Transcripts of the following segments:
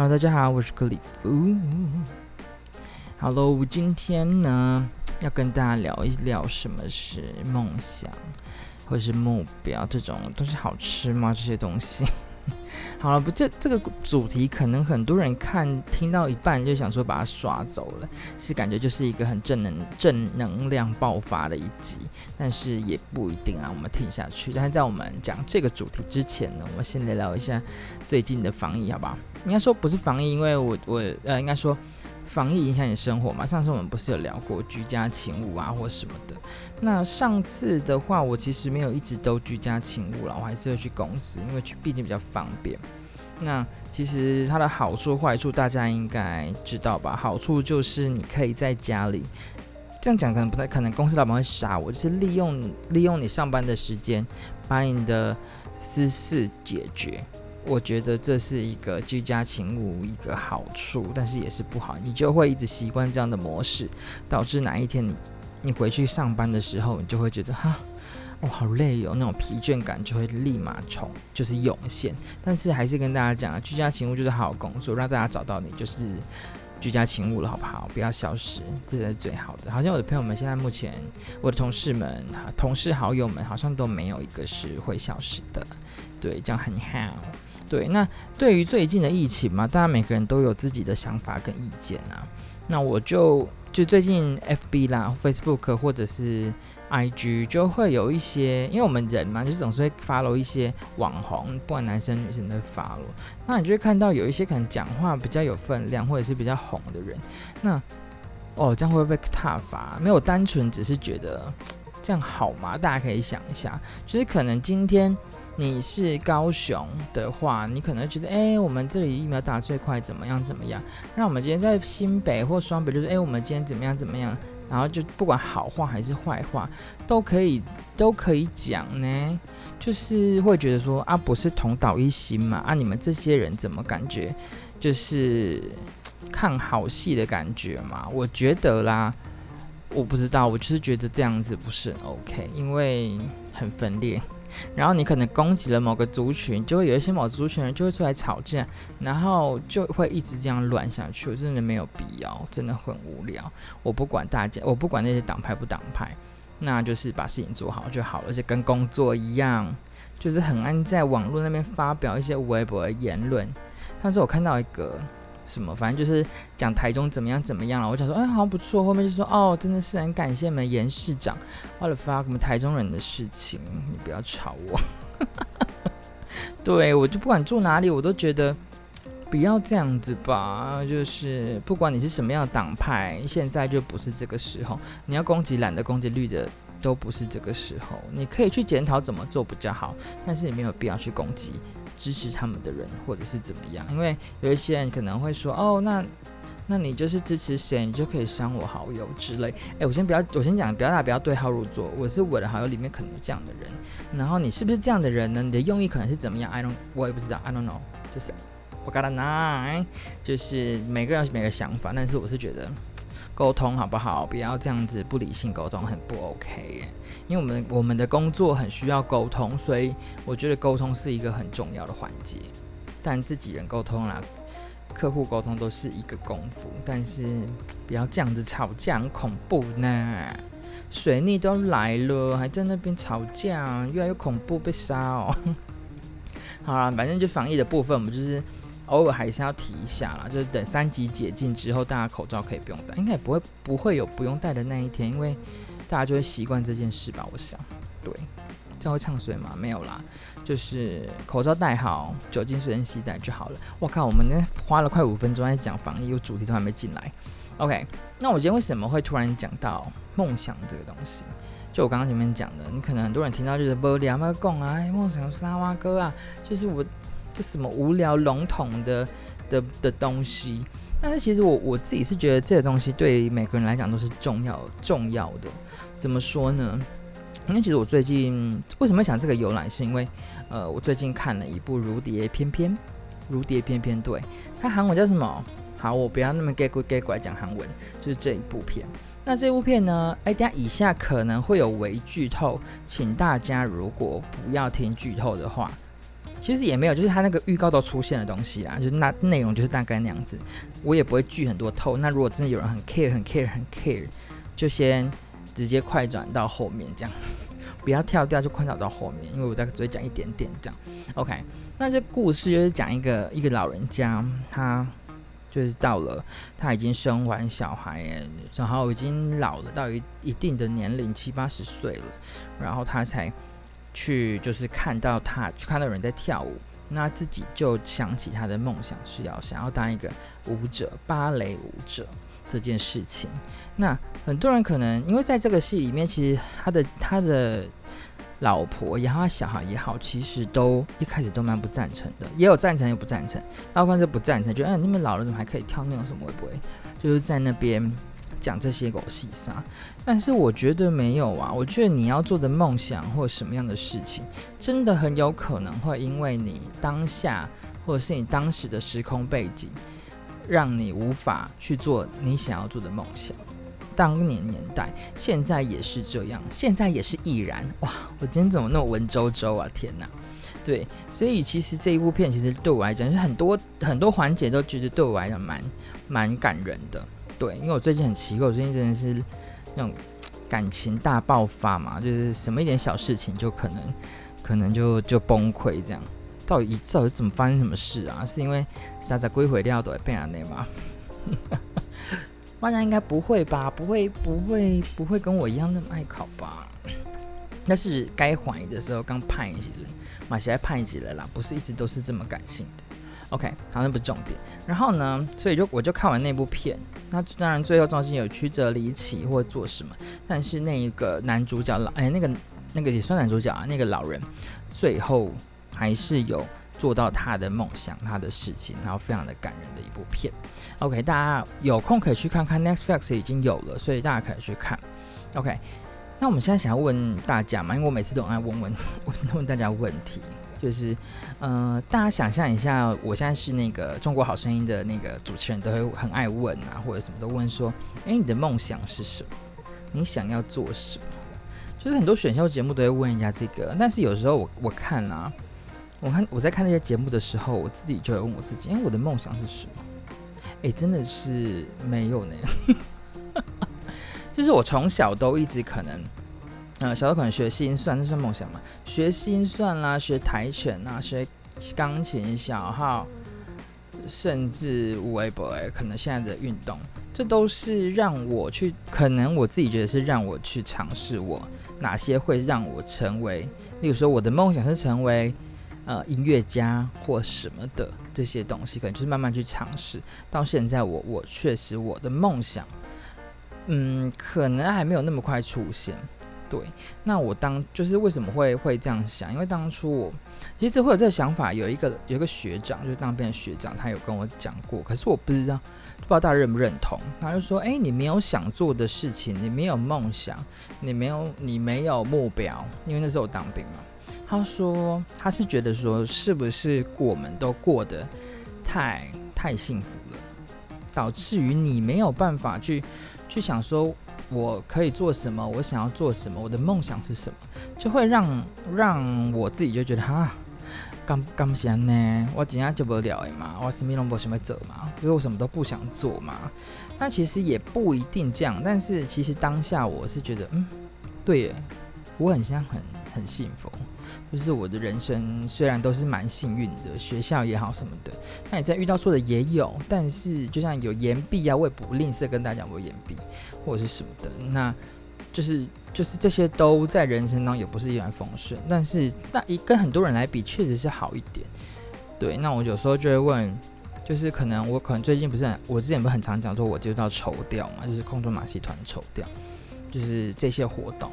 hello 大家好，我是克里夫。hello，今天呢，要跟大家聊一聊什麼是夢想，或是目標，這種都是好吃嗎？這些東西。好了，不，這這個主題可能很多人看，聽到一半就想說把它刷走了，是感覺就是一個很正能正能量爆發的一集，但是也不一定啊，我們聽下去。但是在我們講這個主題之前呢，我們先來聊一下最近的防疫，好不好？應該說不是防疫，因為我，我呃，應該說。防疫影響你生活嘛？上次我們不是有聊過居家勤務啊，或什麼的。那上次的話，我其實沒有一直都居家勤務了，我還是會去公司，因為畢竟比較方便。那其實它的好處壞處大家應該知道吧？好處就是你可以在家裡，這樣講可能不太，可能公司老板會殺我，就是利用利用你上班的時間，把你的私事解決。我覺得這是一個居家勤務一個好處，但是也是不好，你就會一直習慣這樣的模式，導致哪一天你你回去上班的時候，你就會覺得哈，我好累，有那種疲倦感就會立馬衝，就是湧現。但是還是跟大家講，居家勤務就是好好工作，讓大家找到你就是居家勤務了，好不好？不要消失，這才是最好的。好像我的朋友們現在目前，我的同事們、同事好友們好像都沒有一個是會消失的，對，這樣很好。對，那對於最近的疫情嘛，大家每個人都有自己的想法跟意見吶、啊。那我就就最近 F B 啦，Facebook 或者是 I G 就會有一些，因為我們人嘛，就總是會 follow 一些網紅，不管男生女生都會 follow。那你就會看到有一些可能講話比較有分量，或者是比較紅的人，那哦，這樣會不會被撻伐？沒有單純只是覺得這樣好嗎？大家可以想一下，就是可能今天。你是高雄的話，你可能覺得，哎、欸，我們這裡疫苗打最快，怎麼樣怎麼樣？那我們今天在新北或雙北，就是，哎、欸，我們今天怎麼樣怎麼樣？然後就不管好話還是壞話，都可以都可以講呢。就是會覺得說，啊，不是同島一心嘛？啊，你們這些人怎麼感覺，就是看好戲的感覺嘛？我覺得啦，我不知道，我就是覺得這樣子不是很 OK，因為很分裂。然後你可能攻擊了某個族群，就會有一些某族群人就會出來吵架，然後就會一直這樣亂下去。我真的沒有必要，真的很無聊。我不管大家，我不管那些黨派不黨派，那就是把事情做好就好了。而且跟工作一樣，就是很愛在網絡那邊發表一些微博的言論。上次我看到一個。什麼？反正就是講台中怎麼樣怎麼樣了。我想說，哎，好像不錯。後面就說，哦，真的是很感謝你們嚴市長。我的發，我們台中人的事情，你不要吵我。 對我就不管住哪裡，我都覺得不要這樣子吧。就是不管你是什麼樣的黨派，現在就不是這個時候。你要攻擊藍的，攻擊綠的，都不是這個時候。你可以去檢討怎麼做比較好，但是你沒有必要去攻擊。支持他們的人，或者是怎麼樣？因為有一些人可能會說：“哦，那那你就是支持誰，你就可以刪我好友之類。”欸，哎，我先不要，我先講，不要打，不要對號入座。我是我的好友裡面可能有這樣的人，然後你是不是這樣的人呢？你的用意可能是怎麼樣？I don't，我也不知道。I don't know，就是我 got a nine，就是每個人每個想法。但是我是覺得溝通好不好？不要這樣子不理性溝通，很不 OK。因為我們我們的工作很需要溝通，所以我覺得溝通是一個很重要的環節。但自己人溝通啦、啊，客戶溝通都是一個功夫，但是不要這樣子吵架，很恐怖呢、啊。水逆都來了，還在那邊吵架，越來越恐怖，被殺哦！ 好啦，反正就防疫的部分，我們就是偶爾還是要提一下啦。就是等三級解禁之後，大家口罩可以不用戴，應該也不會不會有不用戴的那一天，因為。大家就會習慣這件事吧，我想。對，這樣會嗆水嗎？沒有啦，就是口罩戴好，酒精隨身攜帶就好了。我靠，我們那花了快五分鐘在講防疫，我主題都還沒進來。OK，那我今天為什麼會突然講到夢想這個東西？就我剛剛前面講的，你可能很多人聽到就是無聊、沒共啊，哎、夢想沙哇歌啊，就是我這什麼無聊籠統的的的東西。但是其實我我自己是覺得這個東西對每個人來講都是重要重要的，怎麼說呢？因為其實我最近為什麼想這個由來，是因為呃，我最近看了一部《如蝶翩翩》，《如蝶翩翩》對，它韓文叫什麼？好，我不要那麼假鬼假鬼來講韓文，就是這一部片。那這部片呢？哎，大家以下可能會有微劇透，請大家如果不要聽劇透的話。其實也沒有，就是它那個預告都出現了東西啦，就是，那內容就是大概那樣子。我也不會劇很多透。那如果真的有人很 care、很 care、很 care，就先直接快轉到後面這樣，呵呵不要跳掉，就快轉到後面，因為我大概只會講一點點這樣。OK，那這故事就是講一個一個老人家，他就是到了他已經生完小孩，然後已經老了到一一定的年齡，七八十歲了，然後他才去就是看到他，去看到人在跳舞，那自己就想起他的夢想是要想要當一個舞者，芭蕾舞者這件事情。那很多人可能因為在這個戲裡面，其實他的他的老婆也好，小孩也好，其實都一開始都蠻不贊成的，也有贊成，成，有不贊成。大部分是不贊成，就哎，你們老了怎麼還可以跳那種什麼？會不會就是在那邊講這些狗屁啥。但是我覺得沒有啊！我覺得你要做的夢想或什麼樣的事情，真的很有可能會因為你當下或者是你當時的時空背景，讓你無法去做你想要做的夢想。當年年代，現在也是這樣，現在也是依然。哇！我今天怎麼那麼文縐縐啊？天哪！對，所以其實這一部片其實對我來講，是很多很多環節都覺得對我來講蠻蠻感人的。對，因為我最近很奇怪，我最近真的是。種感情大爆發嘛，就是什麼一點小事情就可能，可能就就崩潰這樣。到底這怎麼發生什麼事啊？是因為傻子歸回掉，都會變眼淚嗎？大 家應該不會吧？不會不會不會跟我一樣那麼愛考吧？那是該懷疑的時候剛判一些，馬奇在判一些了啦，不是一直都是這麼感性的。OK，好，那不是重點。然後呢，所以就我就看完那部片。那當然，最後造型有曲折離奇或做什麼，但是那一個男主角老，哎、欸，那個那個也算男主角啊，那個老人最後還是有做到他的夢想，他的事情，然後非常的感人的一部片。OK，大家有空可以去看看 Netflix 已經有了，所以大家可以去看。OK，那我們現在想要問大家嘛，因為我每次都愛問問問問大家問題。就是，呃，大家想象一下，我現在是那個中國好聲音的那個主持人，都會很愛問啊，或者什麼都問說，哎、欸，你的夢想是什麼？你想要做什麼？就是很多選秀節目都會問一下這個，但是有時候我我看啊，我看我在看那些節目的時候，我自己就會問我自己，哎、欸，我的夢想是什麼？哎、欸，真的是沒有呢， 就是我從小都一直可能。呃，小時候可能學心算，這算夢想嘛？學心算啦、啊，學跆拳啦、啊，學鋼琴、小號，甚至微博。可能現在的運動，這都是讓我去，可能我自己覺得是讓我去嘗試我哪些會讓我成為。例如說，我的夢想是成為呃音樂家或什麼的，這些東西可能就是慢慢去嘗試。到現在我，我我確實我的夢想，嗯，可能還沒有那麼快出現。對，那我當就是為什麼會會這樣想？因為當初我其實會有這個想法，有一個有一個學長，就是當兵的學長，他有跟我講過，可是我不知道，不知道大家認不認同。他就說：“哎，你沒有想做的事情，你沒有夢想，你沒有你沒有目標，因為那時候我當兵嘛。”他說他是覺得說，是不是過我們都過得太太幸福了，導致於你沒有辦法去去想說。我可以做什麼？我想要做什麼？我的夢想是什麼？就會讓讓我自己就覺得哈，幹幹不起來呢？我真的做不了嘛？我是沒那麼多選嘛？因為我什麼都不想做嘛？但其實也不一定這樣。但是其實當下我是覺得，嗯，對耶，我很像很很幸福。就是我的人生雖然都是蠻幸運的，學校也好什麼的，那也在遇到挫折也有，但是就像有岩壁啊，我也不吝嗇跟大家講我岩壁或者是什麼的，那就是就是這些都在人生當中也不是一帆風順，但是那一跟很多人來比確實是好一點。對，那我有時候就會問，就是可能我可能最近不是很，我之前不是很常講說我就是要綢吊嘛，就是空中馬戲團綢吊，就是這些活動，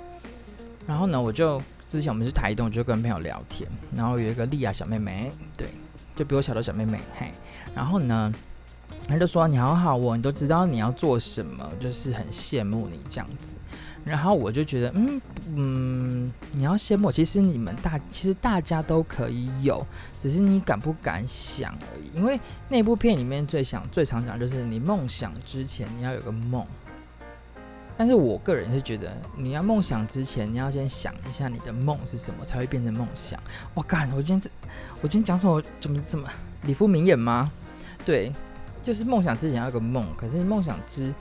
然後呢我就。之前我們去台東，就跟朋友聊天，然後有一個麗亞小妹妹，對，就比我小的小妹妹，嘿，然後呢，他就說，你好好哦，你都知道你要做什麼，就是很羨慕你這樣子。然後我就覺得，嗯嗯，你要羨慕我，其實你們大，其實大家都可以有，只是你敢不敢想而已。因為那部片裡面最想、最常講就是，你夢想之前你要有個夢。但是我個人是覺得，你要夢想之前，你要先想一下你的夢是什麼，才會變成夢想。我感，我今天這，我今天講什麼？怎麼這麼里夫名言嗎？對，就是夢想之前要有個夢。可是夢想之，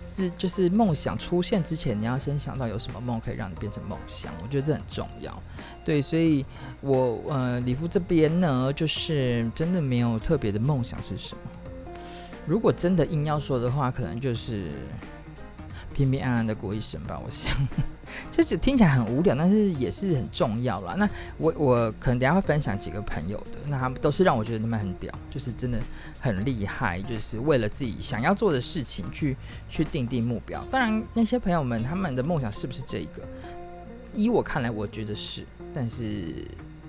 是就是夢想出現之前，你要先想到有什麼夢可以讓你變成夢想。我覺得這很重要。對，所以我呃，里夫這邊呢，就是真的沒有特別的夢想是什麼。如果真的硬要說的話，可能就是。平平安安的過一生吧。我想， 就是聽起來很無聊，但是也是很重要啦。那我我可能等下會分享幾個朋友的，那他們都是讓我覺得他們很屌，就是真的很厲害，就是為了自己想要做的事情去去定定目標。當然，那些朋友們他們的夢想是不是這一個？依我看來，我覺得是，但是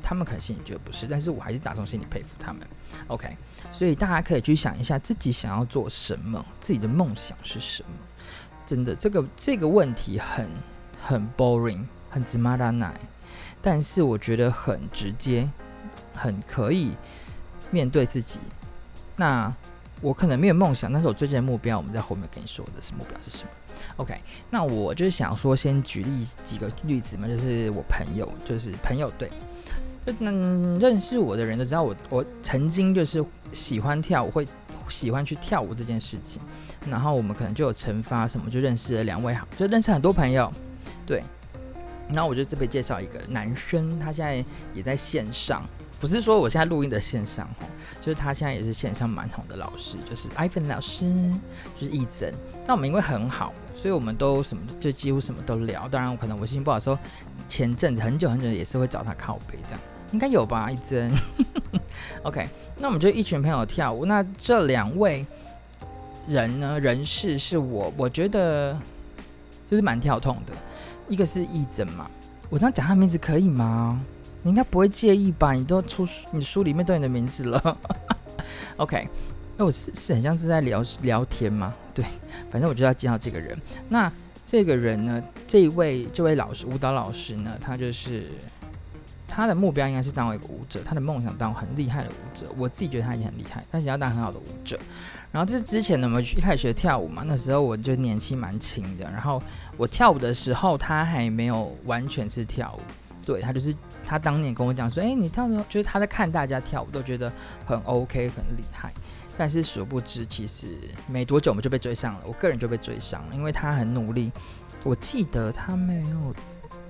他們可能心裡覺得不是，但是我還是打從心裡佩服他們。OK，所以大家可以去想一下自己想要做什麼，自己的夢想是什麼。真的，這個這個問題很很 boring，很 tsumaranai，但是我覺得很直接，很可以面對自己。那我可能沒有夢想，但是我最近的目標，我們在後面跟你說的是目標是什麼。OK，那我就想說，先舉例幾個例子嘛，就是我朋友，就是朋友對，就、嗯、認識我的人都知道我，我曾經就是喜歡跳舞，會喜歡去跳舞這件事情。然後我們可能就有懲罰，什麼，就認識了兩位，好，就認識很多朋友，對。那我就這邊介紹一個男生，他現在也在線上，不是說我現在錄音的線上，就是他現在也是線上蠻紅的老師，就是 iPhone 老師，就是一增。那我們因為很好，所以我們都什麼就幾乎什麼都聊。當然，我可能我心情不好時候，前陣子很久很久也是會找他靠北這樣，應該有吧，一增。OK，那我們就一群朋友跳舞。那這兩位。人呢？人事是我，我覺得就是蠻跳痛的。一個是義診嘛，我這樣講他的名字可以嗎？你應該不會介意吧？你都出你書裡面都有你的名字了。 OK，那我是是很像是在聊聊天嘛？對，反正我就要介紹這個人。那這個人呢？這位這位老師，舞蹈老師呢？他就是。他的目標應該是當一個舞者，他的夢想當很厲害的舞者。我自己覺得他已經很厲害，他想要當很好的舞者。然後這之前呢，我們一開始學跳舞嘛，那時候我就年紀蠻輕的。然後我跳舞的時候，他還沒有完全是跳舞。對，他就是他當年跟我講說：“哎、欸，你跳的時候，就是他在看大家跳舞，都覺得很 OK，很厲害。”但是殊不知，其實沒多久我們就被追上了。我個人就被追上了，因為他很努力。我記得他沒有，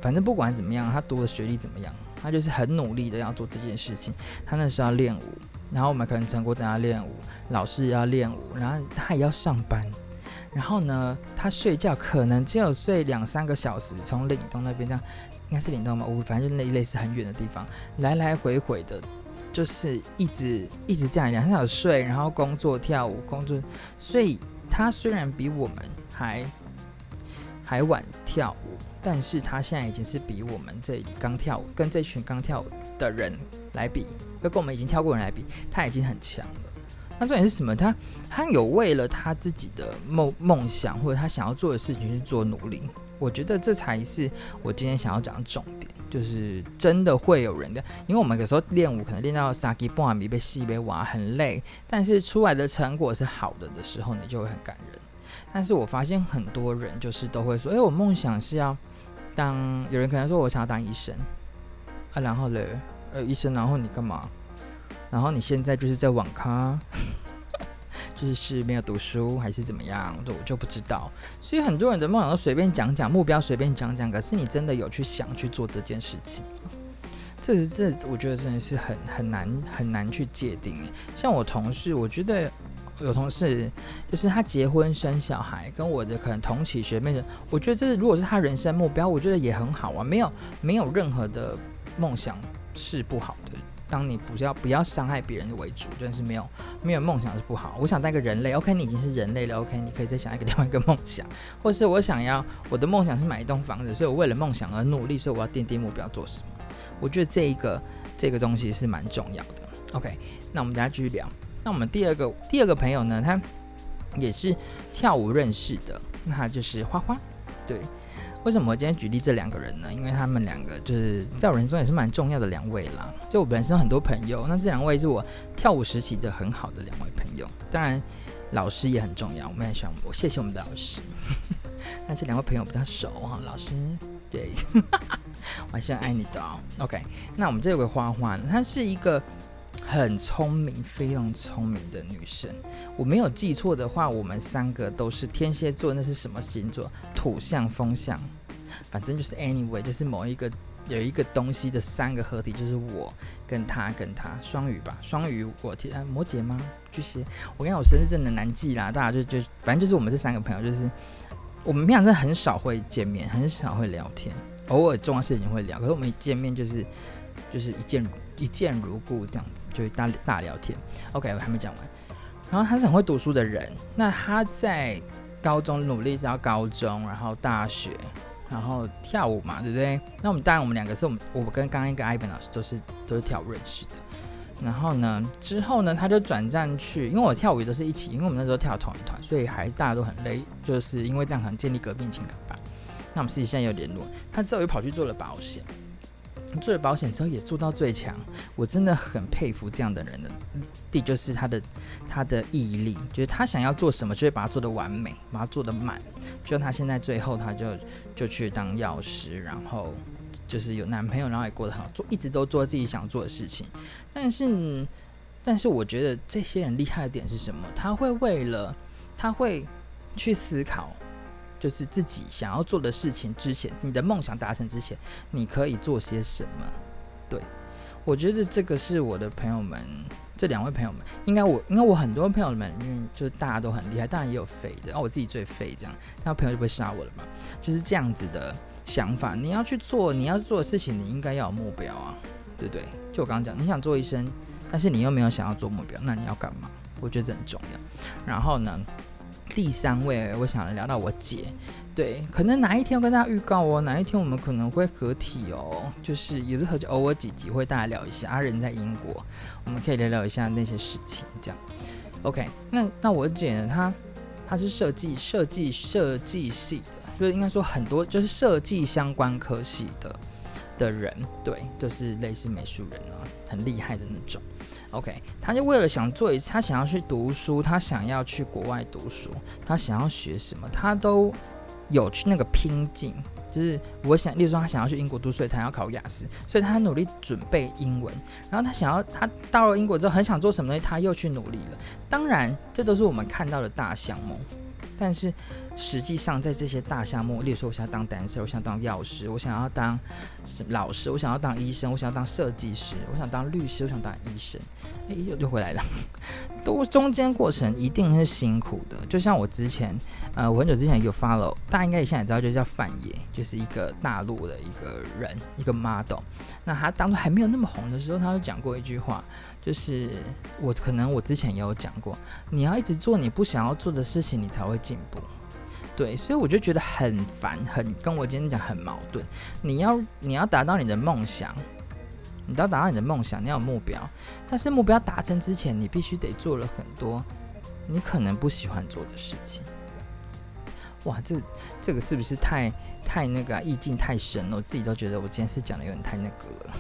反正不管怎麼樣，他讀的學歷怎麼樣。他就是很努力的要做這件事情。他那時候要練舞，然後我們可能陳國珍要練舞，老師也要練舞，然後他也要上班。然後呢，他睡覺可能只有睡兩三個小時。從嶺東那邊這樣，應該是嶺東吧？我反正就那一類似很遠的地方，來來回回的，就是一直一直這樣講。他有睡，然後工作跳舞工作。所以他雖然比我們還還晚跳舞，但是他現在已經是比我們這剛跳舞跟這群剛跳舞的人來比，跟我們已經跳過的人來比，他已經很強了。那重點是什麼？他他有為了他自己的夢夢想或者他想要做的事情去做努力。我覺得這才是我今天想要講的重點，就是真的會有人的，因為我們有時候練舞可能練到撒氣、破皮、被吸杯瓦，很累，但是出來的成果是好的的時候，你就會很感人。但是我發現很多人就是都會說，哎、欸，我夢想是要。當有人可能說我想要當醫生，啊，然後嘞，呃、啊，醫生，然後你幹嘛？然後你現在就是在網咖， 就是沒有讀書還是怎麼樣？我我就不知道。所以很多人的夢想都隨便講講，目標隨便講講，可是你真的有去想去做這件事情？這是這、個、這個，我覺得真的是很很難很難去界定。像我同事，我覺得。有同事就是他結婚生小孩，跟我的可能同期學妹的，我覺得這是如果是他人生目標，我覺得也很好啊。沒有沒有任何的夢想是不好的，當你不要不要傷害別人為主，真、就、的是沒有沒有夢想是不好。我想帶個人類，OK，你已經是人類了，OK，你可以再想一個另外一個夢想，或是我想要我的夢想是買一棟房子，所以我為了夢想而努力，所以我要奠定,定目標做什麼？我覺得這一個這個東西是蠻重要的。OK，那我們等下繼續聊。那我們第二個第二個朋友呢，他也是跳舞認識的，那他就是花花。對，為什麼我今天舉例這兩個人呢？因為他們兩個就是在我人生也是蠻重要的兩位啦。就我本身很多朋友，那這兩位是我跳舞時期的很好的兩位朋友。當然，老師也很重要，我們也想我謝謝我們的老師。 但這兩位朋友比較熟哈，老師對， 我還是很愛你的哦。OK，那我們這有個花花呢，他是一個。很聰明，非常聰明的女生。我沒有記錯的話，我們三個都是天蠍座。那是什麼星座？土象、風象，反正就是 anyway，就是某一個有一個東西的三個合體，就是我跟她跟她雙魚吧，雙魚我。我、哎、天，摩羯嗎？巨蟹。我跟你講，我生日真的難記啦。大家就就，反正就是我們這三個朋友，就是我們平常真的很少會見面，很少會聊天，偶爾重要事情會聊。可是我們一見面就是。就是一見一見如故這樣子，就是大大聊天。OK，我還沒講完。然後他是很會讀書的人，那他在高中努力一直到高中，然後大學，然後跳舞嘛，對不對？那我們當然，我們兩個是我們我跟剛剛一個艾文老師都是都是跳認識的。然後呢，之後呢，他就轉戰去，因為我跳舞也都是一起，因為我們那時候跳同一團，所以還大家都很累，就是因為這樣可能建立革命情感吧。那我們自己現在有聯絡。他之後又跑去做了保險。做了保險之後也做到最強，我真的很佩服這樣的人的。第一就是他的他的毅力，就是他想要做什麼就會把它做的完美，把它做的滿。就像他現在最後，他就就去當藥師，然後就是有男朋友，然後也過得很好，做一直都做自己想做的事情。但是，但是我覺得這些人厲害的點是什麼？他會為了他會去思考。就是自己想要做的事情之前，你的夢想達成之前，你可以做些什麼？對，我覺得這個是我的朋友們，這兩位朋友們，應該我，應該我很多朋友們，嗯，就是大家都很厲害，當然也有廢的，那我自己最廢這樣，那朋友就不會殺我了嘛，就是這樣子的想法。你要去做你要做的事情，你應該要有目標啊，對不對？就我剛剛講，你想做醫生，但是你又沒有想要做目標，那你要幹嘛？我覺得這很重要。然後呢？第三位，我想聊到我姐，對，可能哪一天要跟大家預告哦，哪一天我們可能會合體哦，就是也是就偶爾幾集會大家聊一下，啊，人在英國，我們可以聊聊一下那些事情，這樣。OK，那那我姐呢，她她是設計設計設計系的，就是應該說很多就是設計相關科系的的人，對，就是類似美術人啊、哦，很厲害的那種。OK，他就為了想做一次，他想要去讀書，他想要去國外讀書，他想要學什麼，他都有去那個拼勁。就是我想，例如說他想要去英國讀，所以他要考雅思，所以他努力準備英文。然後他想要，他到了英國之後很想做什麼東西，他又去努力了。當然，這都是我們看到的大項目。但是，實際上在這些大項目，例如說我要，我想要當 dancer，我想當藥師，我想要當老師，我想要當醫生，我想要當設計師，我想當律師，我想當醫生，哎呦，又回來了。都中間過程一定是辛苦的，就像我之前，呃，我很久之前有 follow 大家應該也現在也知道，就是叫范爺，就是一個大陸的一個人，一個 model。那他當初還沒有那麼紅的時候，他就講過一句話，就是我可能我之前也有講過，你要一直做你不想要做的事情，你才會進步。對，所以我就覺得很煩，很跟我今天講很矛盾。你要你要達到你的夢想。你要達到你的夢想，你要有目標，但是目標達成之前，你必須得做了很多你可能不喜歡做的事情。哇，這這個是不是太太那個、啊、意境太深了？我自己都覺得我今天是講的有點太那個了。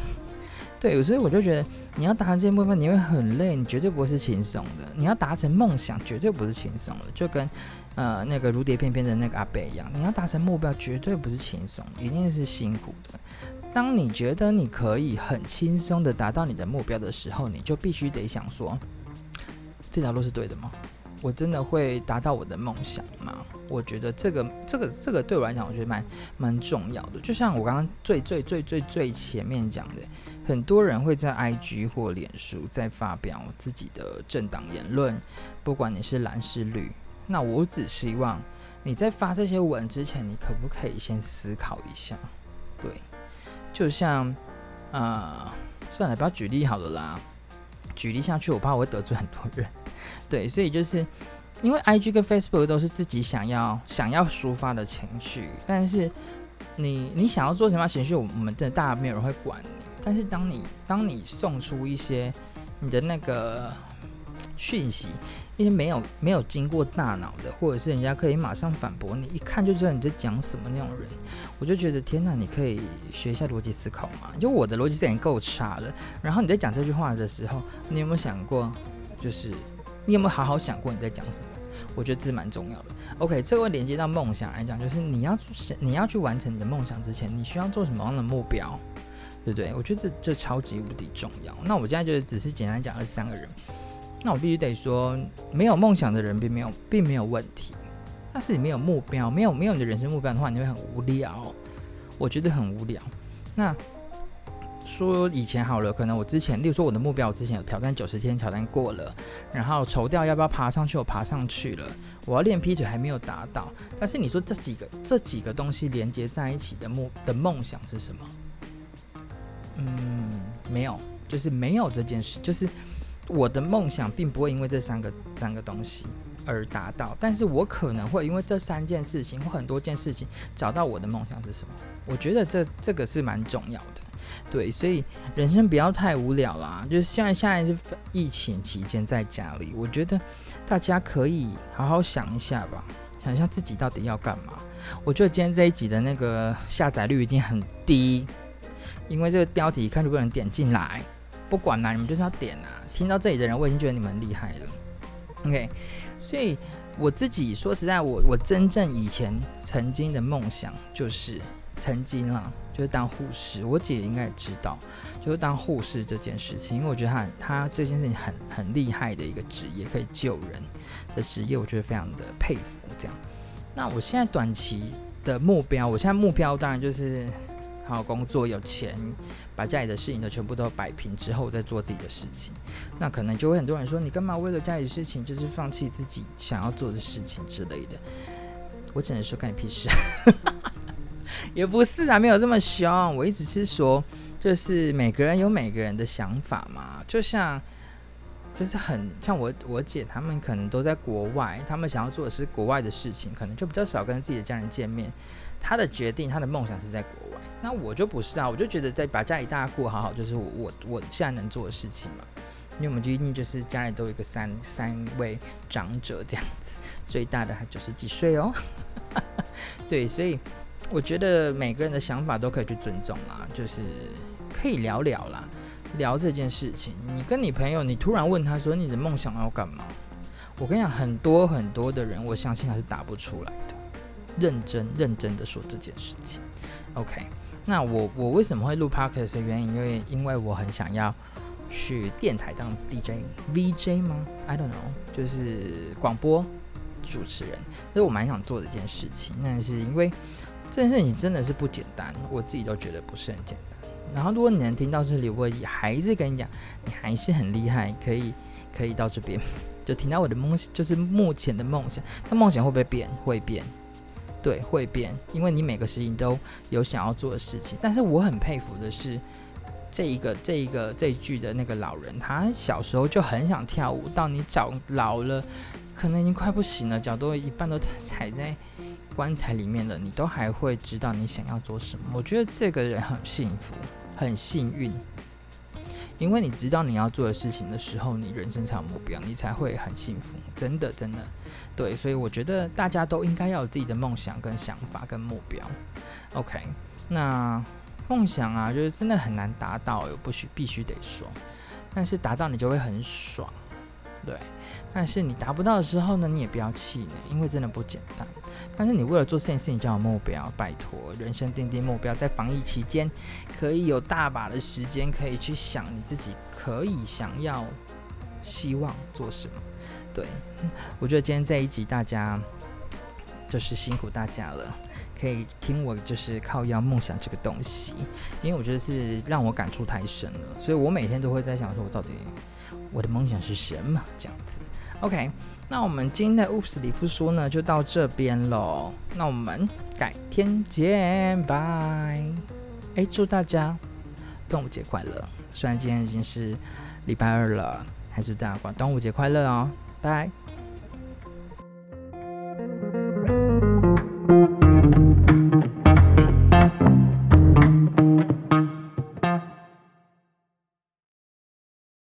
對，所以我就覺得你要達成這些目標，你會很累，你絕對不會是輕鬆的。你要達成夢想，絕對不是輕鬆的，就跟呃那個如蝶翩翩的那個阿伯一樣，你要達成目標，絕對不是輕鬆，一定是辛苦的。當你覺得你可以很輕鬆的達到你的目標的時候，你就必須得想說，這條路是對的嗎？我真的會達到我的夢想嗎？我覺得這個、這個、這個對我來講，我覺得蠻蠻重要的。就像我剛剛最最最最最最前面講的，很多人會在 IG 或臉書在發表自己的政黨言論，不管你是藍是綠，那我只希望你在發這些文之前，你可不可以先思考一下？對。就像，啊、呃，算了，不要舉例好了啦。舉例下去，我怕我會得罪很多人。對，所以就是因為 IG 跟 Facebook 都是自己想要想要抒發的情緒，但是你你想要做什麼情緒，我們真的大家沒有人會管你。但是當你當你送出一些你的那個訊息。那些沒有沒有經過大腦的，或者是人家可以馬上反駁你，一看就知道你在講什麼那種人，我就覺得天哪，你可以學一下邏輯思考嘛。就我的邏輯雖然夠差的，然後你在講這句話的時候，你有沒有想過，就是你有沒有好好想過你在講什麼？我覺得這蠻重要的。OK，這個會連接到夢想來講，就是你要想你要去完成你的夢想之前，你需要做什麼樣的目標？對不對？我覺得這這超級無敵重要。那我現在就只是簡單講二三個人。那我必須得說，沒有夢想的人並沒有並沒有問題，但是你沒有目標，沒有沒有你的人生目標的話，你就會很無聊。我覺得很無聊。那說以前好了，可能我之前，例如說我的目標，我之前有挑戰九十天，挑戰過了，然後籌掉要不要爬上去，我爬上去了。我要練劈腿還沒有達到，但是你說這幾個這幾個東西連接在一起的夢的夢想是什麼？嗯，沒有，就是沒有這件事，就是。我的夢想並不會因為這三個三個東西而達到，但是我可能會因為這三件事情或很多件事情找到我的夢想是什麼。我覺得這這個是蠻重要的，對，所以人生不要太無聊啦。就是現在、現在是疫情期間，在家裡，我覺得大家可以好好想一下吧，想一下自己到底要幹嘛。我覺得今天這一集的那個下載率一定很低，因為這個標題一看就不能點進來，不管啦，你們就是要點啊。聽到這裡的人，我已經覺得你們厲害了。OK，所以我自己說實在，我我真正以前曾經的夢想就是曾經啦，就是當護士。我姐應該也知道，就是當護士這件事情，因為我覺得她她這件事情很很厲害的一個職業，可以救人的職業，我覺得非常的佩服。這樣，那我現在短期的目標，我現在目標當然就是，好工作有錢，把家裡的事情都全部都擺平之後，再做自己的事情。那可能就會很多人說，你幹嘛為了家裡的事情，就是放棄自己想要做的事情之類的？我只能說干你屁事！ 也不是啊，沒有這麼凶。我一直是說，就是每個人有每個人的想法嘛。就像，就是很像我我姐他們可能都在國外，他們想要做的是國外的事情，可能就比較少跟自己的家人見面。他的決定，他的夢想是在國外，那我就不是啊，我就覺得在把家裡大家過好好，就是我我我現在能做的事情嘛。因為我們就一定就是家裡都有一個三三位長者這樣子，最大的還九十幾歲哦。 對，所以我覺得每個人的想法都可以去尊重啦，就是可以聊聊啦，聊這件事情。你跟你朋友，你突然問他說你的夢想要幹嘛？我跟你講，很多很多的人，我相信他是答不出來。認真認真的說這件事情，OK。那我我為什麼會錄 podcast 的原因，因為因為我很想要去電台當 DJ、VJ 嗎？I don't know，就是廣播主持人，所以我蠻想做的一件事情。但是因為這件事情真的是不簡單，我自己都覺得不是很簡單。然後如果你能聽到這裡，我也還是跟你講，你還是很厲害，可以可以到這邊就聽到我的夢，就是目前的夢想。那夢想會不會變？會變。對，會變，因為你每個事情都有想要做的事情。但是我很佩服的是，這一個、這一個、這一句的那個老人，他小時候就很想跳舞，到你長老了，可能已經快不行了，腳都一半都踩在棺材裡面了，你都還會知道你想要做什麼。我覺得這個人很幸福，很幸運。因為你知道你要做的事情的時候，你人生才有目標，你才會很幸福。真的，真的，對，所以我覺得大家都應該要有自己的夢想、跟想法、跟目標。OK，那夢想啊，就是真的很難達到，我不許必須得說，但是達到你就會很爽，對。但是你達不到的時候呢，你也不要氣餒，因為真的不簡單。但是你為了做這件事，你就要有目標，拜託，人生定定目標。在防疫期間，可以有大把的時間，可以去想你自己可以想要、希望做什麼。對，我覺得今天這一集大家就是辛苦大家了，可以聽我就是靠要夢想這個東西，因為我覺得是讓我感觸太深了，所以我每天都會在想說，我到底我的夢想是什麼這樣子。OK，那我們今天的《Oops》里夫說呢，就到這邊嘍。那我們改天見，拜。哎、欸，祝大家端午節快樂！雖然今天已經是禮拜二了，還是祝大家過端午節快樂哦，拜。